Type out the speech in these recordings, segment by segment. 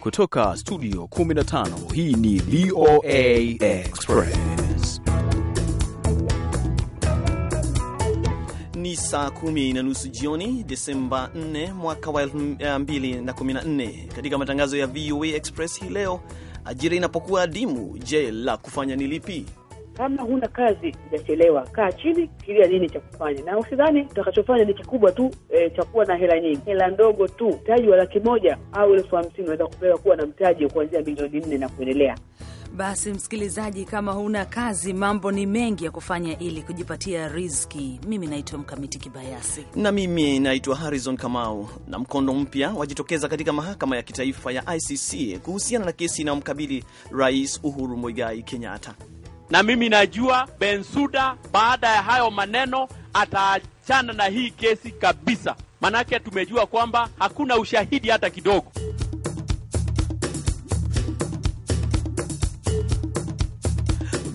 Kutoka studio 15 hii ni VOA Express. Ni saa kumi na nusu jioni Desemba 4 mwaka wa 2014. Katika matangazo ya VOA Express hii leo, ajira inapokuwa adimu, je, la kufanya ni lipi? Kama huna kazi, hujachelewa. Kaa chini, fikiria nini cha kufanya, na usidhani utakachofanya ni kikubwa tu e, cha kuwa na hela nyingi. Hela ndogo tu, mtaji wa laki moja au elfu hamsini unaweza kupewa kuwa na mtaji kuanzia milioni nne na kuendelea. Basi msikilizaji, kama huna kazi, mambo ni mengi ya kufanya ili kujipatia riziki. Mimi naitwa Mkamiti Kibayasi na mimi naitwa Harrison Kamau. Na mkondo mpya wajitokeza katika mahakama ya kitaifa ya ICC kuhusiana na kesi inayomkabili Rais Uhuru Muigai Kenyatta na mimi najua Bensuda baada ya hayo maneno ataachana na hii kesi kabisa, manake tumejua kwamba hakuna ushahidi hata kidogo.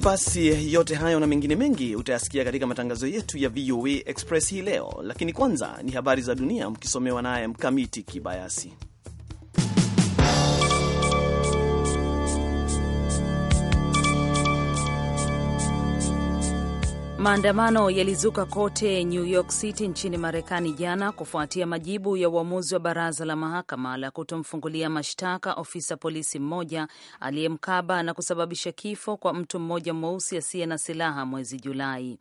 Basi yote hayo na mengine mengi utayasikia katika matangazo yetu ya VOA Express hii leo, lakini kwanza ni habari za dunia mkisomewa naye Mkamiti Kibayasi. Maandamano yalizuka kote New York City nchini Marekani jana kufuatia majibu ya uamuzi wa baraza la mahakama la kutomfungulia mashtaka ofisa polisi mmoja aliyemkaba na kusababisha kifo kwa mtu mmoja mweusi asiye na silaha mwezi Julai.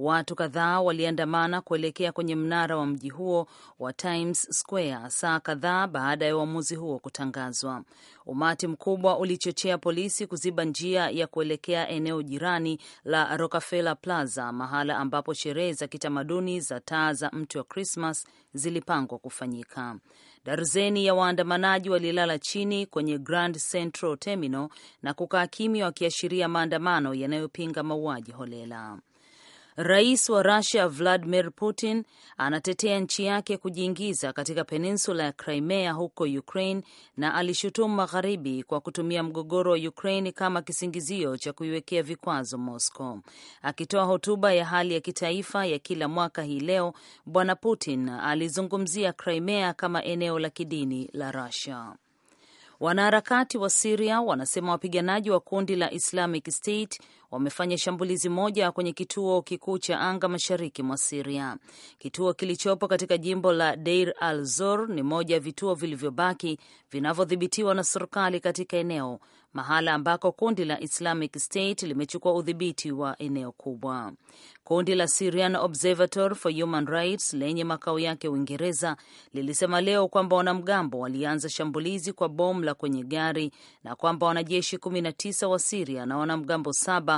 Watu kadhaa waliandamana kuelekea kwenye mnara wa mji huo wa Times Square saa kadhaa baada ya uamuzi huo kutangazwa. Umati mkubwa ulichochea polisi kuziba njia ya kuelekea eneo jirani la Rockefeller Plaza, mahala ambapo sherehe za kitamaduni za taa za mti wa Krismas zilipangwa kufanyika. Darzeni ya waandamanaji walilala chini kwenye Grand Central Terminal na kukaa kimya, wakiashiria maandamano yanayopinga mauaji holela. Rais wa Russia Vladimir Putin anatetea nchi yake kujiingiza katika peninsula ya Crimea huko Ukraine na alishutumu magharibi kwa kutumia mgogoro wa Ukraine kama kisingizio cha kuiwekea vikwazo Moscow. Akitoa hotuba ya hali ya kitaifa ya kila mwaka hii leo, Bwana Putin alizungumzia Crimea kama eneo la kidini la Russia. Wanaharakati wa Siria wanasema wapiganaji wa kundi la Islamic State wamefanya shambulizi moja kwenye kituo kikuu cha anga mashariki mwa Siria. Kituo kilichopo katika jimbo la Deir al Zor ni moja ya vituo vilivyobaki vinavyodhibitiwa na serikali katika eneo, mahala ambako kundi la Islamic State limechukua udhibiti wa eneo kubwa. Kundi la Syrian Observatory for Human Rights lenye makao yake Uingereza lilisema leo kwamba wanamgambo walianza shambulizi kwa bomu la kwenye gari na kwamba wanajeshi 19 wa Siria na wanamgambo saba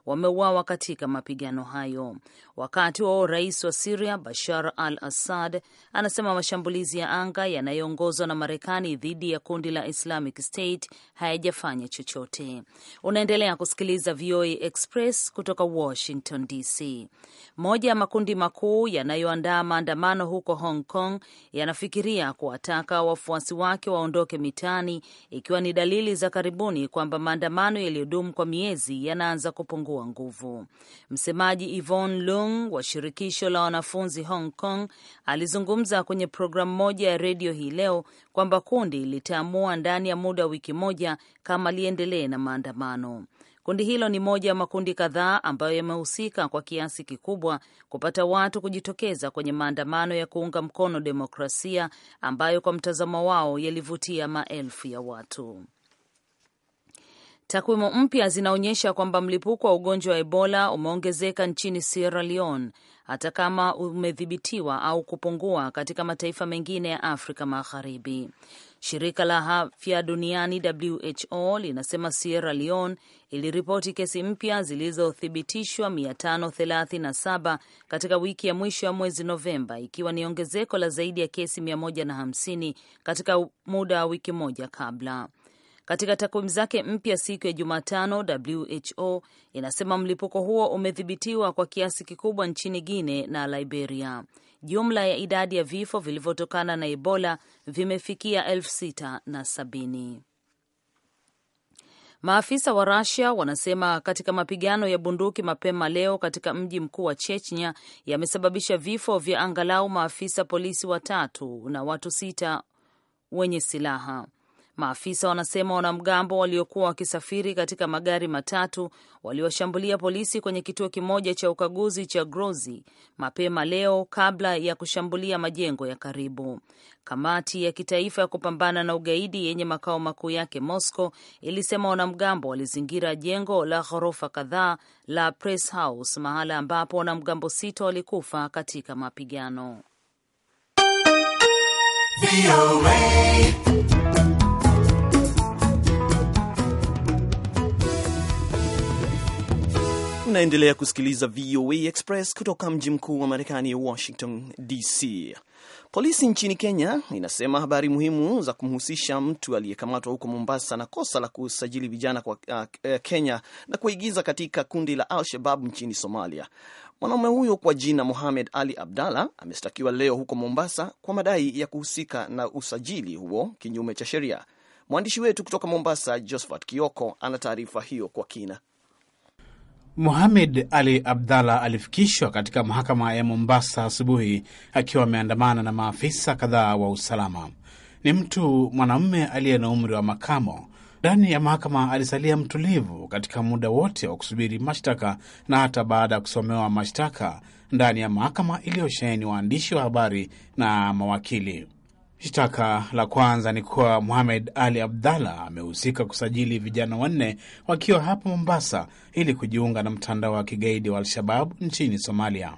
wameuawa katika mapigano hayo. Wakati wao rais wa Siria Bashar al Assad anasema mashambulizi ya anga yanayoongozwa na Marekani dhidi ya kundi la Islamic State hayajafanya chochote. Unaendelea kusikiliza VOA Express kutoka Washington DC. Moja ya makundi makuu yanayoandaa maandamano huko Hong Kong yanafikiria kuwataka wafuasi wake waondoke mitaani, ikiwa ni dalili za karibuni kwamba maandamano yaliyodumu kwa miezi yanaanza kupungua wa nguvu. Msemaji Yvonne Lung wa shirikisho la wanafunzi Hong Kong alizungumza kwenye programu moja ya redio hii leo kwamba kundi litaamua ndani ya muda wa wiki moja kama liendelee na maandamano. Kundi hilo ni moja ya makundi kadhaa ambayo yamehusika kwa kiasi kikubwa kupata watu kujitokeza kwenye maandamano ya kuunga mkono demokrasia ambayo kwa mtazamo wao yalivutia maelfu ya watu. Takwimu mpya zinaonyesha kwamba mlipuko wa ugonjwa wa Ebola umeongezeka nchini Sierra Leone hata kama umedhibitiwa au kupungua katika mataifa mengine ya Afrika Magharibi. Shirika la Afya Duniani WHO linasema Sierra Leone iliripoti kesi mpya zilizothibitishwa 537 katika wiki ya mwisho ya mwezi Novemba, ikiwa ni ongezeko la zaidi ya kesi 150 katika muda wa wiki moja kabla. Katika takwimu zake mpya siku ya Jumatano, WHO inasema mlipuko huo umedhibitiwa kwa kiasi kikubwa nchini guine na Liberia. Jumla ya idadi ya vifo vilivyotokana na Ebola vimefikia elfu sita na sabini. Maafisa wa rasia wanasema katika mapigano ya bunduki mapema leo katika mji mkuu wa Chechnya yamesababisha vifo vya angalau maafisa polisi watatu na watu sita wenye silaha. Maafisa wanasema wanamgambo waliokuwa wakisafiri katika magari matatu waliwashambulia polisi kwenye kituo kimoja cha ukaguzi cha Grozi mapema leo kabla ya kushambulia majengo ya karibu. Kamati ya kitaifa ya kupambana na ugaidi yenye makao makuu yake Moscow ilisema wanamgambo walizingira jengo la ghorofa kadhaa la Press House, mahala ambapo wanamgambo sita walikufa katika mapigano. Unaendelea kusikiliza VOA Express kutoka mji mkuu wa Marekani, Washington DC. Polisi nchini Kenya inasema habari muhimu za kumhusisha mtu aliyekamatwa huko Mombasa na kosa la kusajili vijana kwa uh, uh Kenya na kuigiza katika kundi la Al-Shabab nchini Somalia. Mwanaume huyo kwa jina Mohamed Ali Abdalla amestakiwa leo huko Mombasa kwa madai ya kuhusika na usajili huo kinyume cha sheria. Mwandishi wetu kutoka Mombasa, Josephat Kioko, ana taarifa hiyo kwa kina muhamed Ali Abdalla alifikishwa katika mahakama ya Mombasa asubuhi akiwa ameandamana na maafisa kadhaa wa usalama. Ni mtu mwanamume aliye na umri wa makamo. Ndani ya mahakama alisalia mtulivu katika muda wote wa kusubiri mashtaka na hata baada ya kusomewa mashtaka ndani ya mahakama iliyosheheni waandishi wa habari na mawakili. Shtaka la kwanza ni kuwa muhamed Ali Abdalla amehusika kusajili vijana wanne wakiwa hapa Mombasa ili kujiunga na mtandao wa kigaidi wa Al-Shabab nchini Somalia.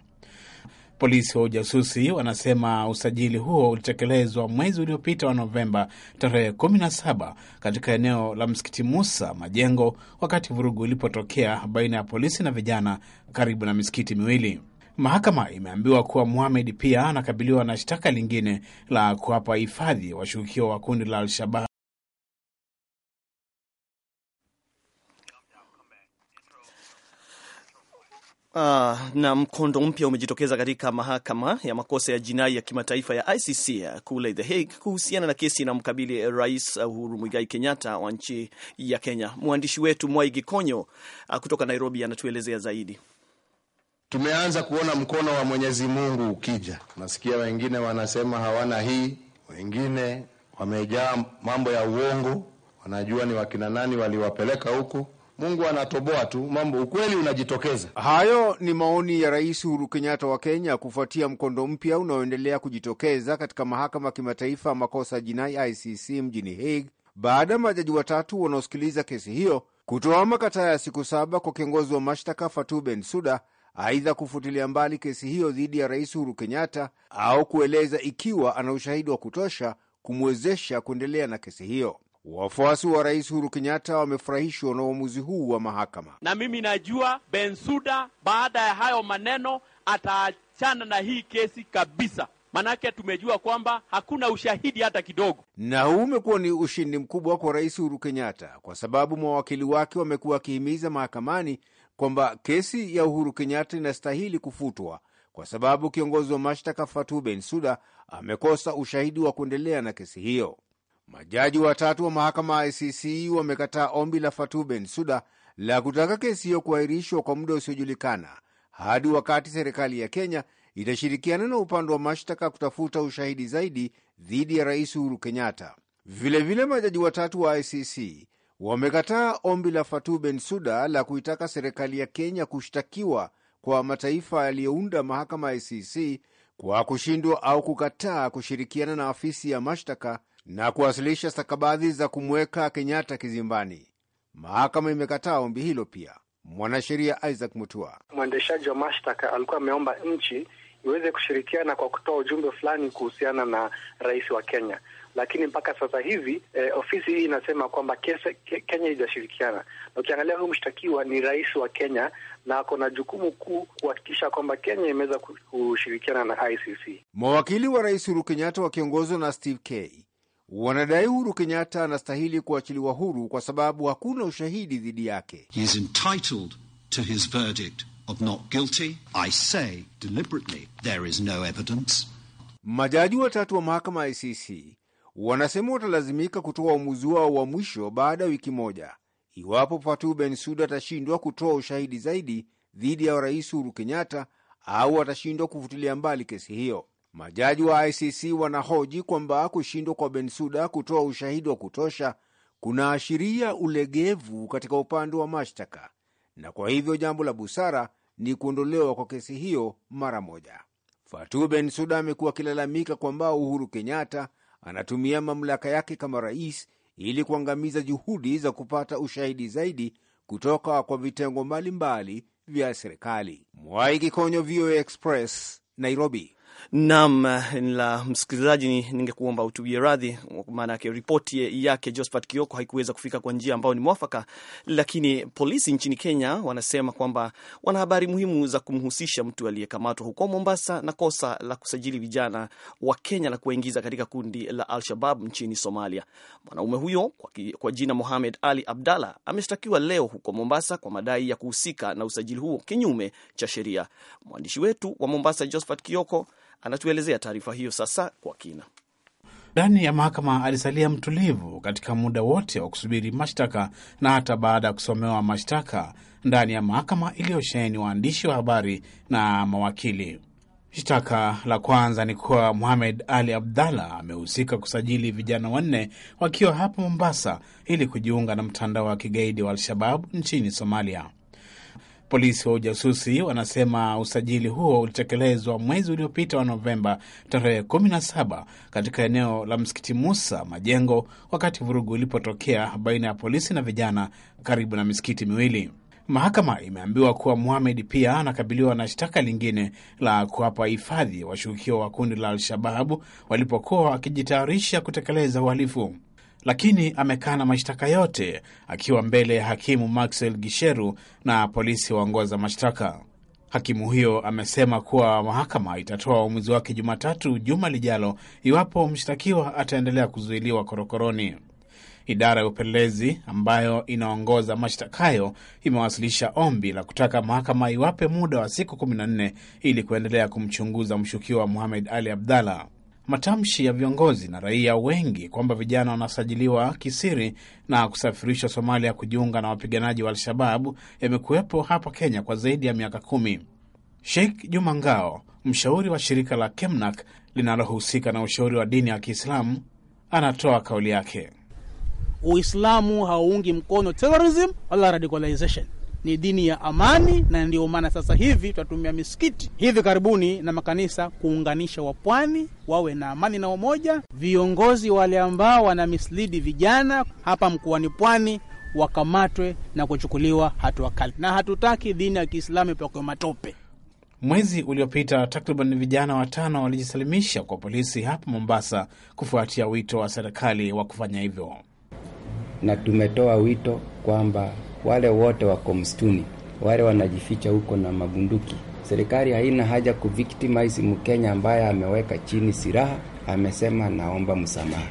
Polisi wa ujasusi wanasema usajili huo ulitekelezwa mwezi uliopita wa Novemba tarehe 17 katika eneo la msikiti Musa Majengo, wakati vurugu ilipotokea baina ya polisi na vijana karibu na misikiti miwili. Mahakama imeambiwa kuwa muhamed pia anakabiliwa na shtaka lingine la kuwapa hifadhi washukiwa wa kundi la al Uh, ah, na mkondo mpya umejitokeza katika mahakama ya makosa ya jinai ya kimataifa ya ICC kule The Hague kuhusiana na kesi inamkabili Rais Uhuru Muigai Kenyatta wa nchi ya Kenya. Mwandishi wetu Mwaigi Konyo ah, kutoka Nairobi anatuelezea zaidi. Tumeanza kuona mkono wa Mwenyezi Mungu ukija. Nasikia wengine wanasema hawana hii, wengine wamejaa mambo ya uongo, wanajua ni wakina nani waliwapeleka huko. Mungu anatoboa tu mambo, ukweli unajitokeza. Hayo ni maoni ya Rais Uhuru Kenyatta wa Kenya kufuatia mkondo mpya unaoendelea kujitokeza katika mahakama ya kimataifa ya makosa jinai ICC mjini Hague baada ya majaji watatu wanaosikiliza kesi hiyo kutoa makataa ya siku saba kwa kiongozi wa mashtaka Fatou Bensouda aidha kufutilia mbali kesi hiyo dhidi ya Rais Uhuru Kenyatta au kueleza ikiwa ana ushahidi wa kutosha kumwezesha kuendelea na kesi hiyo. Wafuasi wa Rais Uhuru Kenyatta wamefurahishwa na uamuzi huu wa mahakama. Na mimi najua Bensuda baada ya hayo maneno ataachana na hii kesi kabisa, manake tumejua kwamba hakuna ushahidi hata kidogo. Na huu umekuwa ni ushindi mkubwa kwa Rais Uhuru Kenyatta kwa sababu mawakili wake wamekuwa wakihimiza mahakamani kwamba kesi ya Uhuru Kenyatta inastahili kufutwa kwa sababu kiongozi wa mashtaka ben suda amekosa ushahidi wa kuendelea na kesi hiyo. Majaji watatu wa mahakama ya ICC wamekataa ombi la ben suda la kutaka kesi hiyo kuahirishwa kwa muda usiojulikana hadi wakati serikali ya Kenya itashirikiana na upande wa mashtaka kutafuta ushahidi zaidi dhidi ya Rais Uhuru Kenyatta. Vilevile, majaji watatu wa ICC wamekataa ombi la ben suda la kuitaka serikali ya Kenya kushtakiwa kwa mataifa yaliyounda mahakama ya ICC kwa kushindwa au kukataa kushirikiana na afisi ya mashtaka na kuwasilisha stakabadhi za kumweka Kenyatta kizimbani. Mahakama imekataa ombi hilo pia. Mwanasheria Isaac Mutua, mwendeshaji wa mashtaka, alikuwa ameomba nchi iweze kushirikiana kwa kutoa ujumbe fulani kuhusiana na rais wa Kenya, lakini mpaka sasa hivi eh, ofisi hii inasema kwamba ke, Kenya haijashirikiana, na ukiangalia huyu mshtakiwa ni rais wa Kenya na ako na jukumu kuu kuhakikisha kwamba Kenya imeweza kushirikiana na ICC. Mawakili wa rais Uhuru Kenyatta wakiongozwa na Steve K wanadai Uhuru Kenyatta anastahili kuachiliwa huru kwa sababu hakuna ushahidi dhidi yake. He is entitled to his verdict of not guilty. I say deliberately there is no evidence. Majaji watatu wa mahakama ya ICC wanasema watalazimika kutoa uamuzi wao wa mwisho baada ya wiki moja iwapo Fatou Bensouda atashindwa kutoa ushahidi zaidi dhidi ya Rais Uhuru Kenyatta au atashindwa kufutilia mbali kesi hiyo. Majaji wa ICC wanahoji kwamba kushindwa kwa Bensouda kutoa ushahidi wa kutosha kunaashiria ulegevu katika upande wa mashtaka, na kwa hivyo jambo la busara ni kuondolewa kwa kesi hiyo mara moja. Fatou Bensouda amekuwa akilalamika kwamba Uhuru Kenyatta anatumia mamlaka yake kama rais ili kuangamiza juhudi za kupata ushahidi zaidi kutoka kwa vitengo mbalimbali vya serikali. Mwai Kikonyo, VOA Express, Nairobi. Nam la msikilizaji, ningekuomba utubie radhi, maana yake ripoti yake Josphat Kioko haikuweza kufika kwa njia ambayo ni mwafaka, lakini polisi nchini Kenya wanasema kwamba wana habari muhimu za kumhusisha mtu aliyekamatwa huko Mombasa na kosa la kusajili vijana wa Kenya na kuwaingiza katika kundi la Al-Shabab nchini Somalia. Mwanaume huyo kwa, kwa jina Mohamed Ali Abdalla ameshtakiwa leo huko Mombasa kwa madai ya kuhusika na usajili huo kinyume cha sheria. Mwandishi wetu wa Mombasa Josphat Kioko Anatuelezea taarifa hiyo sasa kwa kina. Ndani ya mahakama alisalia mtulivu katika muda wote wa kusubiri mashtaka na hata baada ya kusomewa mashtaka ndani ya mahakama iliyosheheni waandishi wa habari na mawakili. Shtaka la kwanza ni kuwa muhamed Ali Abdallah amehusika kusajili vijana wanne wakiwa hapa Mombasa ili kujiunga na mtandao wa kigaidi wa al shababu nchini Somalia. Polisi wa ujasusi wanasema usajili huo ulitekelezwa mwezi uliopita wa Novemba tarehe 17 katika eneo la msikiti Musa Majengo, wakati vurugu ilipotokea baina ya polisi na vijana karibu na misikiti miwili. Mahakama imeambiwa kuwa Muhamed pia anakabiliwa na shtaka lingine la kuwapa hifadhi washukiwa wa kundi la Al-Shababu walipokuwa wakijitayarisha kutekeleza uhalifu lakini amekana mashtaka yote akiwa mbele ya hakimu Maxwell Gisheru na polisi waongoza mashtaka. Hakimu huyo amesema kuwa mahakama itatoa uamuzi wake Jumatatu juma lijalo iwapo mshtakiwa ataendelea kuzuiliwa korokoroni. Idara ya upelelezi ambayo inaongoza mashtaka hayo imewasilisha ombi la kutaka mahakama iwape muda wa siku 14 ili kuendelea kumchunguza mshukiwa muhamed Ali abdalah matamshi ya viongozi na raia wengi kwamba vijana wanasajiliwa kisiri na kusafirishwa Somalia kujiunga na wapiganaji wa Al-Shababu yamekuwepo hapa Kenya kwa zaidi ya miaka kumi. Sheikh Juma Ngao, mshauri wa shirika la Kemnak linalohusika na ushauri wa dini ya Kiislamu, anatoa kauli yake. Uislamu hauungi mkono terrorism wala radicalization ni dini ya amani, na ndio maana sasa hivi tutatumia misikiti hivi karibuni na makanisa kuunganisha wapwani wawe na amani na umoja. Viongozi wale ambao wana mislidi vijana hapa mkoani Pwani wakamatwe na kuchukuliwa hatua kali, na hatutaki dini ya Kiislamu ipakwe matope. Mwezi uliopita takriban vijana watano walijisalimisha kwa polisi hapa Mombasa kufuatia wito wa serikali wa kufanya hivyo, na tumetoa wito kwamba wale wote wako msituni, wale wanajificha huko na mabunduki. Serikali haina haja kuvictimize Mkenya ambaye ameweka chini silaha, amesema naomba msamaha.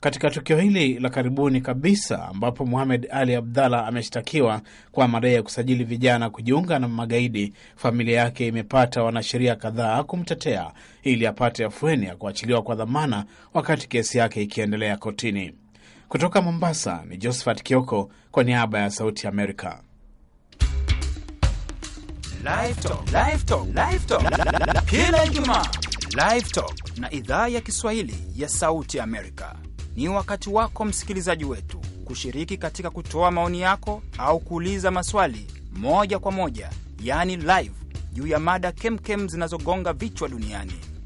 Katika tukio hili la karibuni kabisa ambapo muhamed Ali Abdalla ameshtakiwa kwa madai ya kusajili vijana kujiunga na magaidi, familia yake imepata wanasheria kadhaa kumtetea ili apate afueni ya kuachiliwa kwa dhamana, wakati kesi yake ikiendelea kotini. Kutoka Mombasa ni Josephat Kioko kwa niaba ya Sauti Amerika. Kila Ijumaa na idhaa ya Kiswahili ya Sauti Amerika ni wakati wako msikilizaji wetu kushiriki katika kutoa maoni yako au kuuliza maswali moja kwa moja, yaani live, juu ya mada kemkem zinazogonga vichwa duniani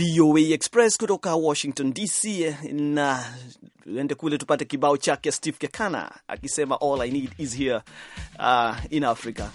VOA Express kutoka Washington DC, na tuende kule tupate kibao chake Steve Kekana akisema all I need is here uh, in Africa.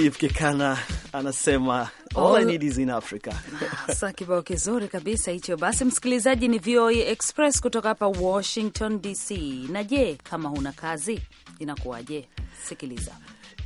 Steve Kekana anasema all I need is in Africa. Sasa kibao kizuri kabisa hicho. Basi msikilizaji, ni VOA Express kutoka hapa Washington DC. Na je, kama huna kazi inakuwaje? Sikiliza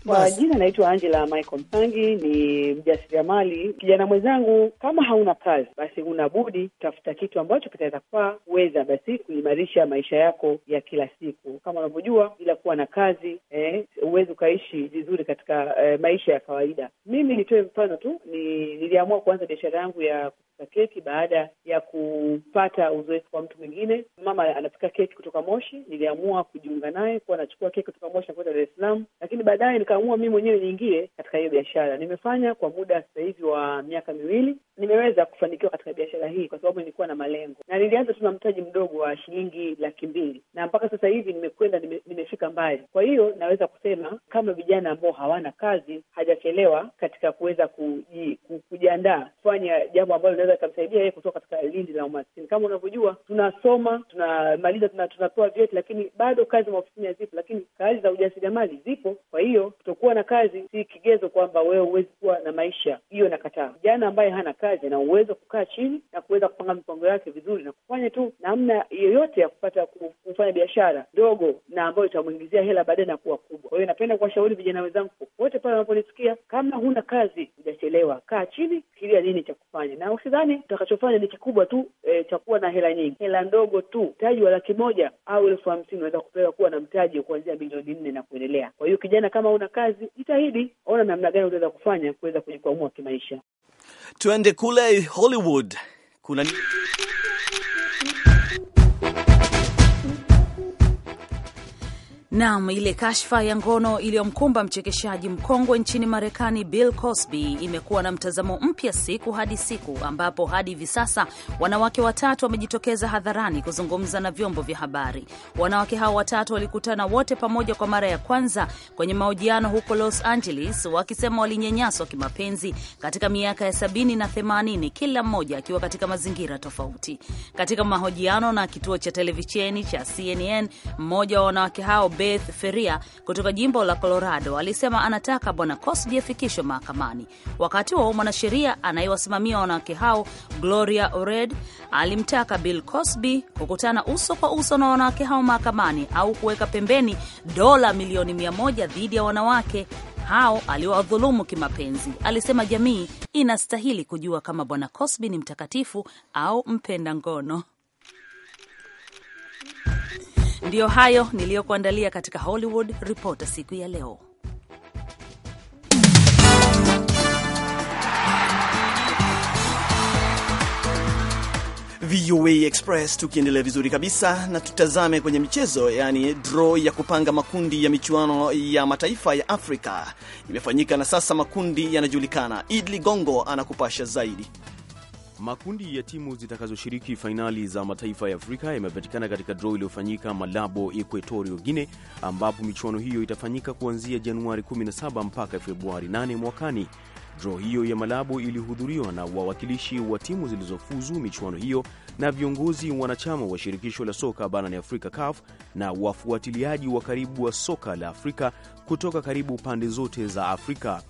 kwa jina naitwa Angela Michael Msangi, ni mjasiriamali kijana mwenzangu. Kama hauna kazi, basi una budi tafuta kitu ambacho kitaweza kuwa weza basi kuimarisha maisha yako ya kila siku. Kama unavyojua, bila kuwa na kazi eh, huwezi eh, ukaishi vizuri katika eh, maisha ya kawaida. Mimi nitoe mfano tu, niliamua kuanza biashara yangu ya kupika keki baada ya kupata uzoefu kwa mtu mwingine. Mama anapika keki kutoka Moshi, niliamua kujiunga naye kuwa anachukua keki kutoka Moshi na kwenda Dar es Salaam, lakini baadaye nikaamua mimi mwenyewe niingie katika hiyo biashara. Nimefanya kwa muda sasa hivi wa miaka miwili, nimeweza kufanikiwa katika biashara hii kwa sababu nilikuwa na malengo, na nilianza tu na mtaji mdogo wa shilingi laki mbili na mpaka sasa hivi nimekwenda, nime, nimefika mbali. Kwa hiyo naweza kusema kama vijana ambao hawana kazi, hajachelewa katika kuweza kujiandaa kufanya jambo ambalo inaweza ikamsaidia yeye kutoka katika lindi la umaskini. Kama unavyojua, tunasoma tunamaliza, tunapewa vyeti, lakini bado kazi maofisini hazipo, lakini kazi za ujasiriamali zipo. Kwa hiyo kutokuwa na kazi si kigezo kwamba wewe huwezi kuwa na maisha, hiyo nakataa. Kijana ambaye hana kazi ana uwezo kukaa chini na kuweza kupanga mipango yake vizuri na kufanya tu namna yoyote ya kupata kufanya biashara ndogo na ambayo itamwingizia hela baadaye na kuwa kubwa. Kwa hiyo napenda kuwashauri vijana wenzangu popote pale wanaponisikia, kama huna kazi hujachelewa, kaa chini kufikiria nini cha kufanya, na usidhani utakachofanya ni kikubwa tu e, cha kuwa na hela nyingi. Hela ndogo tu, mtaji wa laki moja au elfu hamsini unaweza kupeleka kuwa na mtaji kuanzia milioni nne na kuendelea. Kwa hiyo kijana, kama una kazi, jitahidi, ona namna gani utaweza kufanya kuweza kujikwamua kimaisha. Tuende kule Hollywood kuna Nam, ile kashfa ya ngono iliyomkumba mchekeshaji mkongwe nchini Marekani Bill Cosby imekuwa na mtazamo mpya siku hadi siku, ambapo hadi hivi sasa wanawake watatu wamejitokeza hadharani kuzungumza na vyombo vya habari. Wanawake hao watatu walikutana wote pamoja kwa mara ya kwanza kwenye mahojiano huko Los Angeles, wakisema walinyanyaswa kimapenzi katika miaka ya sabini na themanini, kila mmoja akiwa katika mazingira tofauti. Katika mahojiano na kituo cha televisheni cha CNN, mmoja wa wanawake hao Beth Feria kutoka jimbo la Colorado alisema anataka Bwana Cosby afikishwe mahakamani. Wakati wa mwanasheria anayewasimamia wanawake hao Gloria Ored alimtaka Bill Cosby kukutana uso kwa uso na wanawake hao mahakamani au kuweka pembeni dola milioni mia moja dhidi ya wanawake hao aliwadhulumu kimapenzi. Alisema jamii inastahili kujua kama Bwana Cosby ni mtakatifu au mpenda ngono. Ndiyo hayo niliyokuandalia katika Hollywood Reporter siku ya leo. VOA Express tukiendelea vizuri kabisa, na tutazame kwenye michezo. Yaani, draw ya kupanga makundi ya michuano ya mataifa ya Afrika imefanyika na sasa makundi yanajulikana. Idli Gongo anakupasha zaidi. Makundi ya timu zitakazoshiriki fainali za mataifa ya Afrika yamepatikana katika draw iliyofanyika Malabo, Equatorio Guine, ambapo michuano hiyo itafanyika kuanzia Januari 17 mpaka Februari 8 mwakani. Draw hiyo ya Malabo ilihudhuriwa na wawakilishi wa timu zilizofuzu michuano hiyo na viongozi wanachama wa shirikisho la soka barani Afrika, CAF, na wafuatiliaji wa karibu wa soka la Afrika kutoka karibu pande zote za Afrika.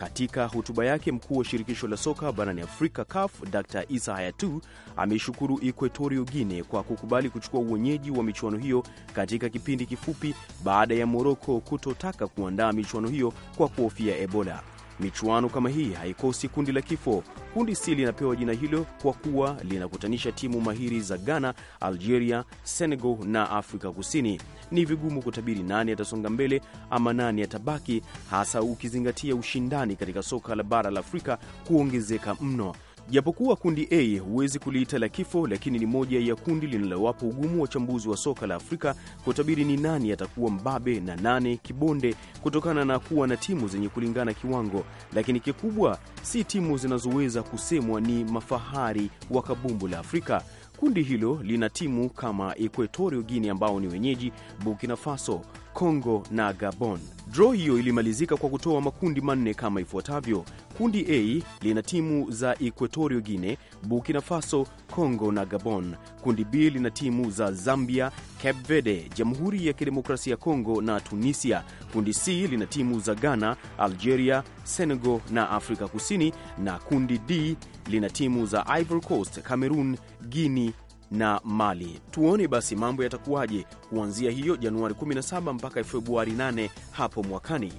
Katika hotuba yake, mkuu wa shirikisho la soka barani Afrika CAF Dr Isa Hayatu ameshukuru Equatorio Guine kwa kukubali kuchukua uwenyeji wa michuano hiyo katika kipindi kifupi baada ya Moroko kutotaka kuandaa michuano hiyo kwa kuhofia Ebola. Michuano kama hii haikosi kundi la kifo. Kundi C linapewa jina hilo kwa kuwa linakutanisha timu mahiri za Ghana, Algeria, Senegal na Afrika Kusini. Ni vigumu kutabiri nani atasonga mbele ama nani atabaki, hasa ukizingatia ushindani katika soka la bara la Afrika kuongezeka mno. Japokuwa kundi A huwezi kuliita la kifo, lakini ni moja ya kundi linalowapa ugumu wachambuzi wa soka la Afrika kutabiri ni nani atakuwa mbabe na nane kibonde, kutokana na kuwa na timu zenye kulingana kiwango, lakini kikubwa si timu zinazoweza kusemwa ni mafahari wa kabumbu la Afrika. Kundi hilo lina timu kama Equatorial Guinea ambao ni wenyeji, Burkina Faso, Congo na Gabon. Dro hiyo ilimalizika kwa kutoa makundi manne kama ifuatavyo. Kundi A lina timu za Equatorio Guine, Burkina Faso, Congo na Gabon. Kundi B lina timu za Zambia, Cape Verde, Jamhuri ya Kidemokrasia ya Kongo na Tunisia. Kundi C lina timu za Ghana, Algeria, Senegal na Afrika Kusini, na kundi D lina timu za Ivory Coast, Cameroon, Guinea na Mali. Tuone basi mambo yatakuwaje kuanzia hiyo Januari 17 mpaka Februari 8 hapo mwakani.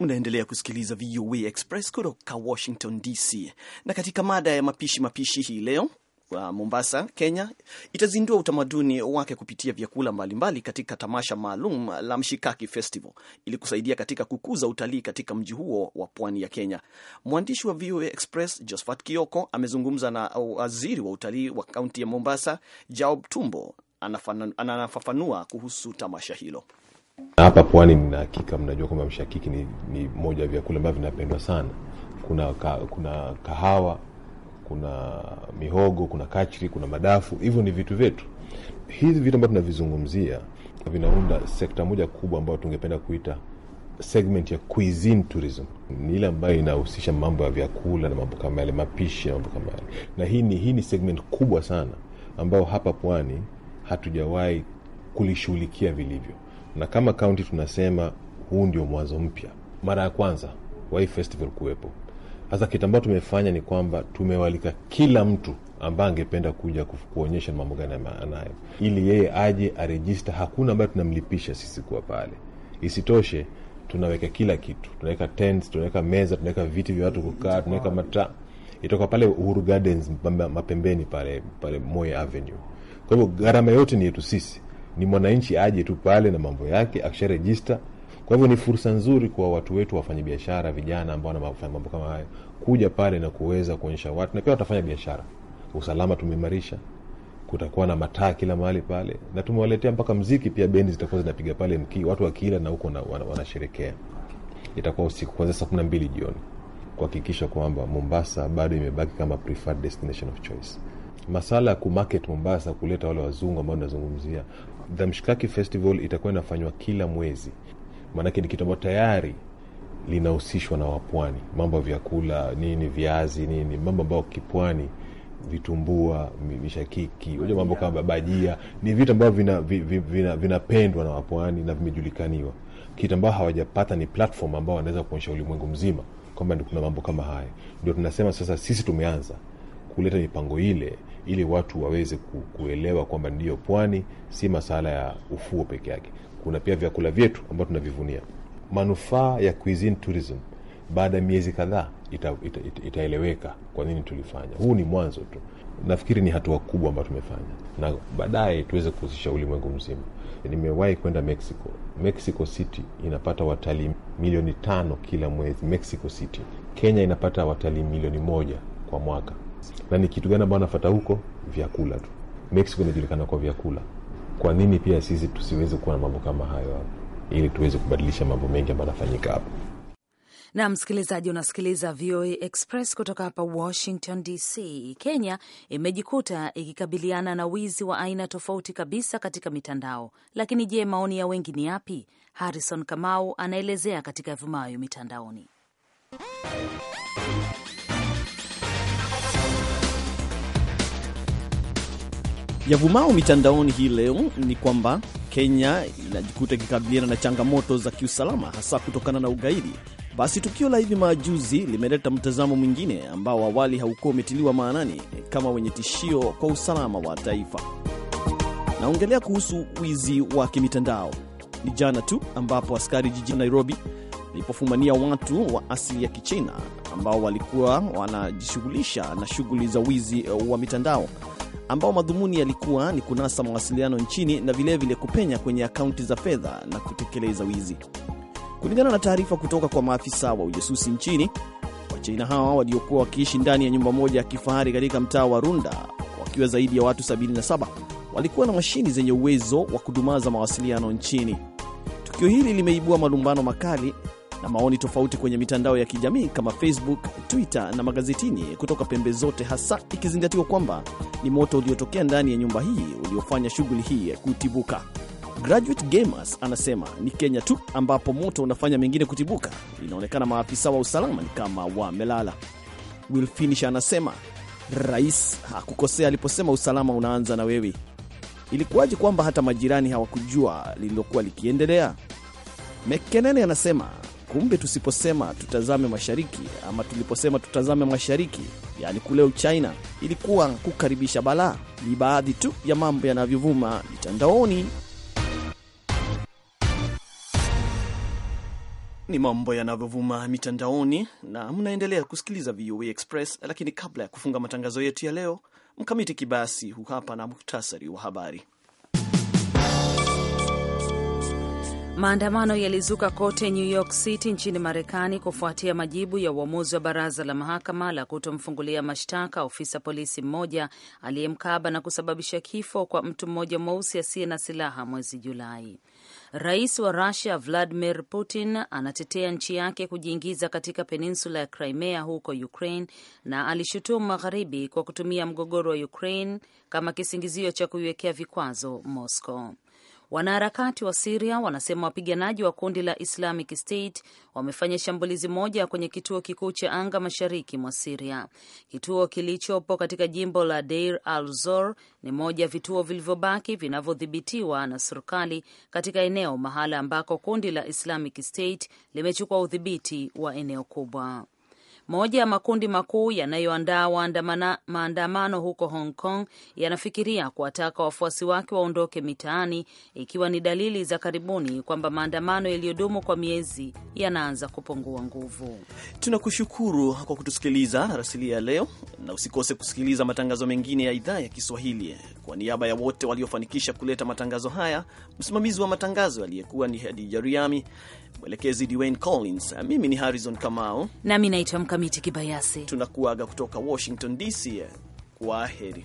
Unaendelea kusikiliza VOA Express kutoka Washington DC. Na katika mada ya mapishi mapishi hii leo uh, Mombasa, Kenya itazindua utamaduni wake kupitia vyakula mbalimbali katika tamasha maalum la Mshikaki Festival ili kusaidia katika kukuza utalii katika mji huo wa pwani ya Kenya. Mwandishi wa VOA Express Josephat Kioko amezungumza na waziri wa utalii wa kaunti ya Mombasa, Job Tumbo, anafafanua kuhusu tamasha hilo. Hapa pwani, nina hakika mnajua kwamba mshakiki ni, ni moja ya vyakula ambavyo vinapendwa sana. Kuna, ka, kuna kahawa kuna mihogo, kuna kachri, kuna madafu. Hivyo ni vitu vyetu. Hivi vitu ambavyo tunavizungumzia vinaunda sekta moja kubwa ambayo tungependa kuita segment ya cuisine tourism, ni ile ambayo inahusisha mambo ya vyakula na mambo kama yale, mapishi na mambo kama yale, na hii ni, hii ni segment kubwa sana ambayo hapa pwani hatujawahi kulishughulikia vilivyo, na kama kaunti tunasema huu ndio mwanzo mpya, mara ya kwanza wa hii festival kuwepo. Sasa kitu ambacho tumefanya ni kwamba tumewalika kila mtu ambaye angependa kuja kuonyesha mambo gani anayo, ili yeye aje arejista. Hakuna ambayo tunamlipisha sisi kuwa pale. Isitoshe, tunaweka kila kitu, tunaweka tents, tunaweka meza, tunaweka viti vya watu kukaa, tunaweka mataa itoka pale Uhuru Gardens mapembeni pale pale Moi Avenue. Kwa hivyo gharama yote ni yetu sisi, ni mwananchi aje tu pale na mambo yake akisharejista kwa hivyo ni fursa nzuri kwa watu wetu wafanya biashara, vijana ambao wanafanya mambo kama hayo kuja pale na kuweza kuonyesha watu, na pia watafanya biashara. Usalama tumeimarisha, kutakuwa na mataa kila mahali pale, na tumewaletea mpaka mziki pia, bendi zitakuwa zinapiga pale mki, watu wakila na huko wanasherekea. Itakuwa usiku kuanzia saa kumi na mbili jioni kuhakikisha kwamba Mombasa bado imebaki kama preferred destination of choice. Masala ya kumarket Mombasa, kuleta wale wazungu ambao tunazungumzia, The Mshikaki Festival itakuwa inafanywa kila mwezi maanake ni kitu ambacho tayari linahusishwa na wapwani, mambo ya vyakula nini, viazi nini, mambo ambayo kipwani, vitumbua, mishakiki, unajua mambo kama babajia ni vitu ambavyo vinapendwa vina, vina, vina na wapwani na vimejulikaniwa, kitu ambao hawajapata ni platform ambao wanaweza kuonyesha ulimwengu mzima kwamba kuna mambo kama haya. Ndio tunasema sasa sisi tumeanza kuleta mipango ile ili watu waweze kuelewa kwamba ndiyo pwani si masala ya ufuo peke yake kuna pia vyakula vyetu ambao tunavivunia. Manufaa ya cuisine tourism baada ya miezi kadhaa itaeleweka ita, ita kwa nini tulifanya. Huu ni mwanzo tu, nafikiri ni hatua kubwa ambayo tumefanya, na baadaye tuweze kuhusisha ulimwengu mzima. Nimewahi kwenda Mexico. Mexico City inapata watalii milioni tano kila mwezi, Mexico City. Kenya inapata watalii milioni moja kwa mwaka. Na ni kitu gani ambao anafata huko? Vyakula tu. Mexico inajulikana kwa vyakula kwa nini pia sisi tusiweze kuwa na mambo kama hayo hapa ili tuweze kubadilisha mambo mengi ambayo anafanyika hapa Na msikilizaji, unasikiliza VOA Express kutoka hapa Washington DC. Kenya imejikuta ikikabiliana na wizi wa aina tofauti kabisa katika mitandao, lakini je, maoni ya wengi ni yapi? Harrison Kamau anaelezea katika Vumayo Mitandaoni. Yavumao mitandaoni hii leo ni kwamba Kenya inajikuta ikikabiliana na changamoto za kiusalama hasa kutokana na ugaidi. Basi tukio la hivi majuzi limeleta mtazamo mwingine ambao awali haukuwa umetiliwa maanani kama wenye tishio kwa usalama wa taifa. Naongelea kuhusu wizi wa kimitandao. Ni jana tu ambapo askari jijini Nairobi ilipofumania watu wa asili ya Kichina ambao walikuwa wanajishughulisha na shughuli za wizi eh, wa mitandao ambao madhumuni yalikuwa ni kunasa mawasiliano nchini na vilevile vile kupenya kwenye akaunti za fedha na kutekeleza wizi. Kulingana na taarifa kutoka kwa maafisa wa ujasusi nchini, Wachina hawa waliokuwa wakiishi ndani ya nyumba moja ya kifahari katika mtaa wa Runda wakiwa zaidi ya watu 77 walikuwa na mashini zenye uwezo wa kudumaza mawasiliano nchini. Tukio hili limeibua malumbano makali na maoni tofauti kwenye mitandao ya kijamii kama Facebook, Twitter na magazetini kutoka pembe zote, hasa ikizingatiwa kwamba ni moto uliotokea ndani ya nyumba hii uliofanya shughuli hii kutibuka. Graduate Gamers anasema ni Kenya tu ambapo moto unafanya mengine kutibuka, inaonekana maafisa wa usalama ni kama wamelala. Wilfinish anasema rais hakukosea aliposema usalama unaanza na wewe. Ilikuwaje kwamba hata majirani hawakujua lililokuwa likiendelea? Mekenene anasema Kumbe tusiposema tutazame mashariki ama tuliposema tutazame mashariki, yani kule Uchina, ilikuwa kukaribisha balaa. Ni baadhi tu ya mambo yanavyovuma mitandaoni. Ni mambo yanavyovuma mitandaoni, na mnaendelea kusikiliza VOA Express. Lakini kabla ya kufunga matangazo yetu ya leo, Mkamiti Kibasi huhapa na muhtasari wa habari. Maandamano yalizuka kote New York City nchini Marekani kufuatia majibu ya uamuzi wa baraza la mahakama la kutomfungulia mashtaka ofisa polisi mmoja aliyemkaba na kusababisha kifo kwa mtu mmoja mweusi asiye na silaha mwezi Julai. Rais wa Rusia Vladimir Putin anatetea nchi yake kujiingiza katika peninsula ya Crimea huko Ukraine na alishutumu Magharibi kwa kutumia mgogoro wa Ukraine kama kisingizio cha kuiwekea vikwazo Moscow. Wanaharakati wa Siria wanasema wapiganaji wa kundi la Islamic State wamefanya shambulizi moja kwenye kituo kikuu cha anga mashariki mwa Siria. Kituo kilichopo katika jimbo la Deir al Zor ni moja ya vituo vilivyobaki vinavyodhibitiwa na serikali katika eneo mahala ambako kundi la Islamic State limechukua udhibiti wa eneo kubwa. Moja ya makundi makuu yanayoandaa maandamano huko Hong Kong yanafikiria kuwataka wafuasi wake waondoke mitaani, ikiwa ni dalili za karibuni kwamba maandamano yaliyodumu kwa miezi yanaanza kupungua nguvu. Tunakushukuru kwa kutusikiliza rasili ya leo, na usikose kusikiliza matangazo mengine ya idhaa ya Kiswahili. Kwa niaba ya wote waliofanikisha kuleta matangazo haya, msimamizi wa matangazo aliyekuwa ni Hadija Riami, mwelekezi Dwayne Collins. Mimi ni Harrison Kamau nami naitwa Mkamiti Kibayasi. Tunakuaga kutoka Washington DC. Kwa heri.